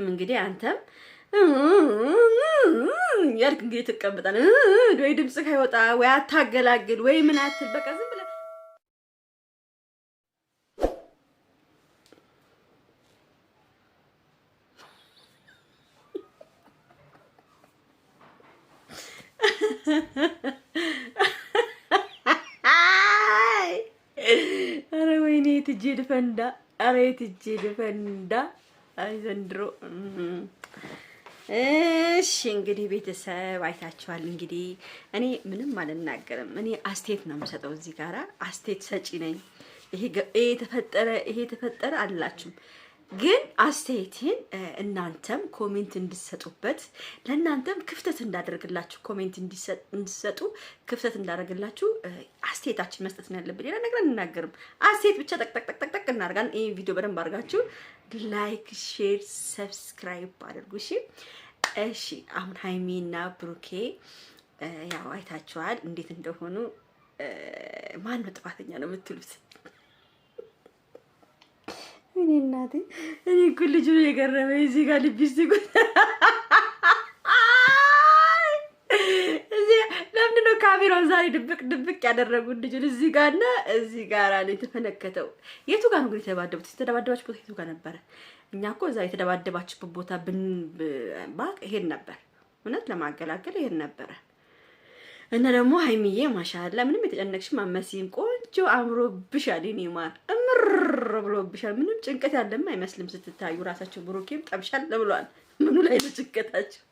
ስትይም እንግዲህ አንተም ያልክ እንግዲህ ትቀምጣለህ። ወይ ድምጽ ከይወጣ ወይ አታገላግል ወይ ምን አትል በቃ ዝም ብለህ አረ ወይኔ የትጄ ድፈንዳ አረ የትጄ ድፈንዳ አይ ዘንድሮ እሺ እንግዲህ ቤተሰብ አይታችኋል። እንግዲህ እኔ ምንም አልናገርም። እኔ አስቴት ነው የምሰጠው። እዚህ ጋራ አስቴት ሰጪ ነኝ። ይሄ ተፈጠረ ይሄ የተፈጠረ አላችሁም ግን አስተያየቴን እናንተም ኮሜንት እንድሰጡበት ለእናንተም ክፍተት እንዳደርግላችሁ ኮሜንት እንድሰጡ ክፍተት እንዳደርግላችሁ አስተያየታችን መስጠት ነው ያለብን። ሌላ ነገር አንናገርም። አስተያየት ብቻ ጠቅጠቅጠቅጠቅ እናደርጋለን። ይህ ቪዲዮ በደንብ አድርጋችሁ ላይክ፣ ሼር፣ ሰብስክራይብ አድርጉ። እሺ፣ እሺ። አሁን ሀይሚና ብሩኬ ያው አይታችኋል እንዴት እንደሆኑ። ማን ነው ጥፋተኛ ነው የምትሉት? እኔ እናቴ እኔ እኮ ልጁ ነው የገረመኝ። እዚህ ጋር ሊፕስቲክ ለምንድን ነው ካሜራውን ዛሬ ድብቅ ድብቅ ያደረጉት? ልጁን እዚህ ጋር እና እዚህ ጋር ነው የተፈነከተው። የቱ ጋር ነው የተደባደቡት? የተደባደባችሁበት የቱ ጋር ነበረ? እኛ እኮ እዛ የተደባደባችሁበት ቦታ ብን ባቅ ነበር እውነት ለማገላገል ይሄን ነበረ። እና ደግሞ ሀይሚዬ ማሻላ ምንም የተጨነቅሽ ማመሲም ቆንጆ አእምሮ ብሻል ይኔ እምር ዞር ብሎብሻል። ምንም ጭንቀት ያለም አይመስልም ስትታዩ ራሳቸው። ብሩኬም ጠብሻል ብሏል። ምኑ ላይ ነው ጭንቀታቸው?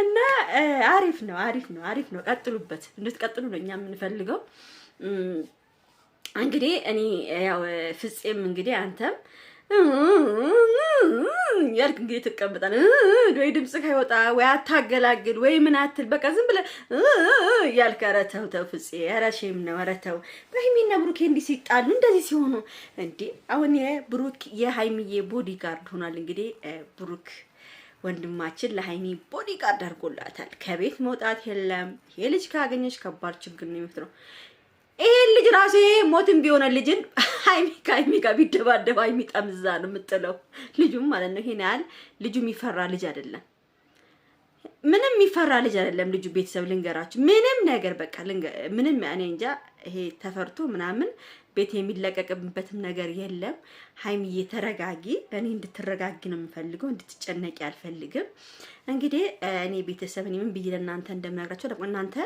እና አሪፍ ነው፣ አሪፍ ነው፣ አሪፍ ነው። ቀጥሉበት፣ እንድትቀጥሉ ነው እኛ የምንፈልገው። እንግዲህ እኔ ያው ፍፄም እንግዲህ አንተም ያልክ እንግዲህ ትቀምጣል ወይ ድምጽ ከይወጣ ወይ አታገላግል ወይ ምን አትል፣ በቃ ዝም ብለህ እያልክ ኧረ ተው ተው ፍፄ፣ ኧረ ሼም ነው። ኧረ ተው በሀይሚና ብሩኬ እንዲህ ሲጣሉ እንደዚህ ሲሆኑ እንዴ! አሁን የብሩክ የሀይሚዬ ቦዲ ጋርድ ሆኗል። እንግዲህ ብሩክ ወንድማችን ለሀይሚ ቦዲ ጋርድ አድርጎላታል። ከቤት መውጣት የለም። ይሄ ልጅ ካገኘች ከባድ ችግር ነው የሚፈጥረው። ይሄን ልጅ ራሱ ይሄ ሞትም ቢሆነ ልጅን ሀይሚ ከሀይሚ ጋር ቢደባደብ ሀይሚ ጠምዛ ነው የምጥለው ልጁም ማለት ነው። ይሄን ያህል ልጁ የሚፈራ ልጅ አይደለም። ምንም የሚፈራ ልጅ አይደለም ልጁ። ቤተሰብ ልንገራችሁ፣ ምንም ነገር በቃ ምንም እኔ እንጃ፣ ይሄ ተፈርቶ ምናምን ቤት የሚለቀቅበትም ነገር የለም። ሀይሚዬ ተረጋጊ። እኔ እንድትረጋጊ ነው የምፈልገው፣ እንድትጨነቂ አልፈልግም። እንግዲህ እኔ ቤተሰብ እኔ ምን ብዬ ለእናንተ እንደምነግራቸው ደግሞ እናንተ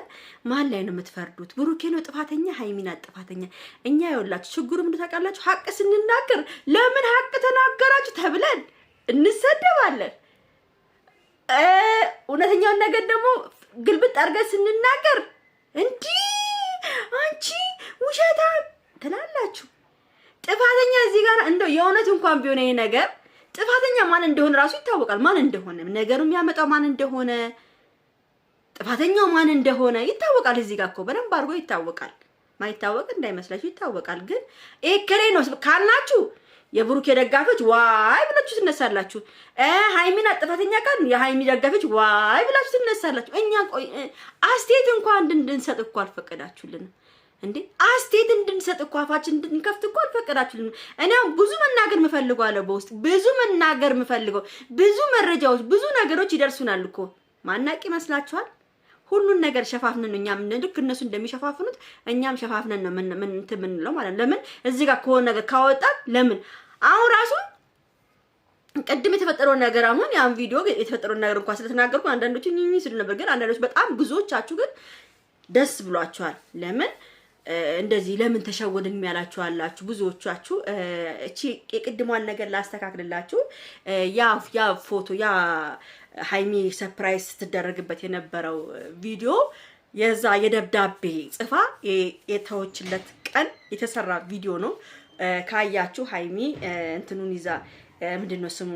መሀል ላይ ነው የምትፈርዱት። ብሩኬ ነው ጥፋተኛ፣ ሀይሚ ናት ጥፋተኛ። እኛ የወላችሁ ችግሩ ምንድን ታውቃላችሁ? ሀቅ ስንናገር ለምን ሀቅ ተናገራችሁ ተብለን እንሰደባለን። እውነተኛውን ነገር ደግሞ ግልብጥ አድርገን ስንናገር እንዲ አንቺ ውሸታ ትላላችሁ። ጥፋተኛ እዚህ ጋር እንደው የእውነት እንኳን ቢሆን ይሄ ነገር ጥፋተኛ ማን እንደሆነ ራሱ ይታወቃል። ማን እንደሆነ ነገሩ የሚያመጣው ማን እንደሆነ ጥፋተኛው ማን እንደሆነ ይታወቃል። እዚህ ጋር እኮ በደንብ አድርጎ ይታወቃል። ማይታወቅ እንዳይመስላችሁ ይታወቃል። ግን ይሄ ክሬ ነው ካልናችሁ የብሩኬ ደጋፊዎች ዋይ ብላችሁ ትነሳላችሁ። ሀይሚን አጥፋተኛ ቃል የሀይሚ ደጋፊዎች ዋይ ብላችሁ ትነሳላችሁ። እኛ አስቴት እንኳን እንድንሰጥ እኮ አልፈቀዳችሁልን እንዴ አስቴት እንድንሰጥ እኮ አፋችን እንድንከፍት እኮ አልፈቀዳችሁልን። እኔ ብዙ መናገር ምፈልገው አለ በውስጥ ብዙ መናገር ምፈልገው ብዙ መረጃዎች፣ ብዙ ነገሮች ይደርሱናል እኮ ማናቅ ይመስላችኋል? ሁሉን ነገር ሸፋፍነን ነው እኛ ምን ልክ እነሱ እንደሚሸፋፍኑት እኛም ሸፋፍነን ነው ምን ምን እንትን የምንለው ማለት ነው። ለምን እዚህ ጋር ከሆነ ነገር ካወጣ ለምን አሁን ራሱ ቅድም የተፈጠረውን ነገር አሁን ያን ቪዲዮ የተፈጠረውን ነገር እንኳን ስለተናገርኩ አንዳንዶቹ ሲሉ ነበር፣ ግን አንዳንዶች በጣም ብዙዎቻችሁ ግን ደስ ብሏቸዋል። ለምን እንደዚህ ለምን ተሸወድን የሚያላችሁ አላችሁ ብዙዎቻችሁ። እቺ የቅድሟን ነገር ላስተካክልላችሁ። ያ ያ ፎቶ ያ ሀይሚ ሰፕራይዝ ስትደረግበት የነበረው ቪዲዮ የዛ የደብዳቤ ጽፋ የተወችለት ቀን የተሰራ ቪዲዮ ነው። ካያችሁ ሀይሚ እንትኑን ይዛ ምንድን ነው ስሙ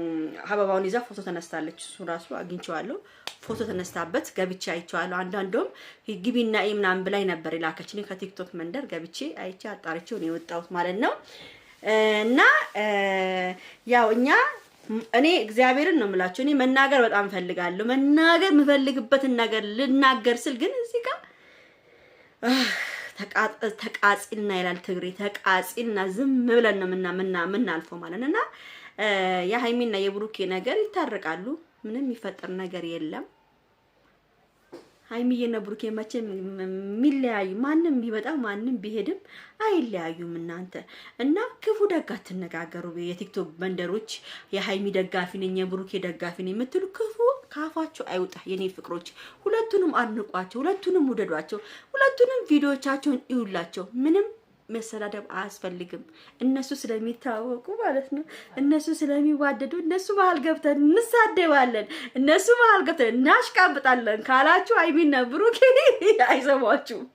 አበባውን ይዛ ፎቶ ተነስታለች። እሱ ራሱ አግኝቼዋለሁ። ፎቶ ተነስታበት ገብቼ አይቼዋለሁ። አንዳንዶም ግቢና ምናምን ብላኝ ነበር ይላከች እኔ ከቲክቶክ መንደር ገብቼ አይቼ አጣርቼው ነው የወጣሁት ማለት ነው። እና ያው እኛ እኔ እግዚአብሔርን ነው የምላቸው። እኔ መናገር በጣም እፈልጋለሁ። መናገር የምፈልግበትን ነገር ልናገር ስል ግን እዚህ ጋር ተቃጽልና ይላል ትግሬ። ተቃጺልና ዝም ብለን ነው ምና ምና ምናልፈው ማለት እና የሀይሚና የብሩኬ ነገር ይታረቃሉ። ምንም የሚፈጠር ነገር የለም። ሀይሚዬና ብሩኬ መቼም የሚለያዩ ማንም ቢመጣ ማንም ቢሄድም አይለያዩም። እናንተ እና ክፉ ደግ አትነጋገሩ። የቲክቶክ መንደሮች የሀይሚ ደጋፊ ነኝ የብሩኬ ደጋፊ ነኝ የምትሉ ክፉ ካፋቸው አይውጣ። የኔ ፍቅሮች ሁለቱንም አድንቋቸው፣ ሁለቱንም ውደዷቸው፣ ሁለቱንም ቪዲዮቻቸውን ይውላቸው ምንም መሰዳደብ አያስፈልግም። እነሱ ስለሚታወቁ ማለት ነው። እነሱ ስለሚዋደዱ እነሱ መሀል ገብተን እንሳደባለን፣ እነሱ መሀል ገብተን እናሽቃብጣለን ካላችሁ አይሚና ብሩኬ አይሰማችሁም፣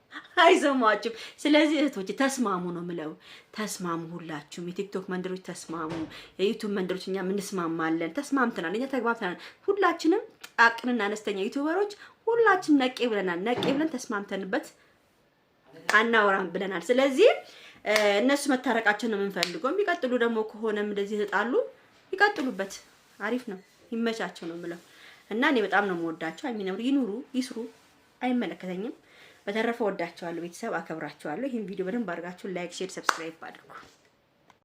አይሰማችሁም። ስለዚህ እህቶች ተስማሙ ነው ምለው። ተስማሙ፣ ሁላችሁም የቲክቶክ መንደሮች ተስማሙ፣ የዩቱብ መንደሮች እኛ እንስማማለን። ተስማምተናል፣ እኛ ተግባብተናል። ሁላችንም አቅንና አነስተኛ ዩቱበሮች ሁላችን ነቄ ብለናል። ነቄ ብለን ተስማምተንበት አናወራም ብለናል። ስለዚህ እነሱ መታረቃቸው ነው የምንፈልገው። የሚቀጥሉ ደግሞ ከሆነም እንደዚህ ተጣሉ ይቀጥሉበት፣ አሪፍ ነው፣ ይመቻቸው ነው የምለው እና እኔ በጣም ነው የምወዳቸው። አይሚነምር ይኑሩ ይስሩ፣ አይመለከተኝም። በተረፈ ወዳቸዋለሁ፣ ቤተሰብ አከብራቸዋለሁ። ይህን ቪዲዮ በደንብ አድርጋችሁ ላይክ፣ ሼር፣ ሰብስክራይብ አድርጉ።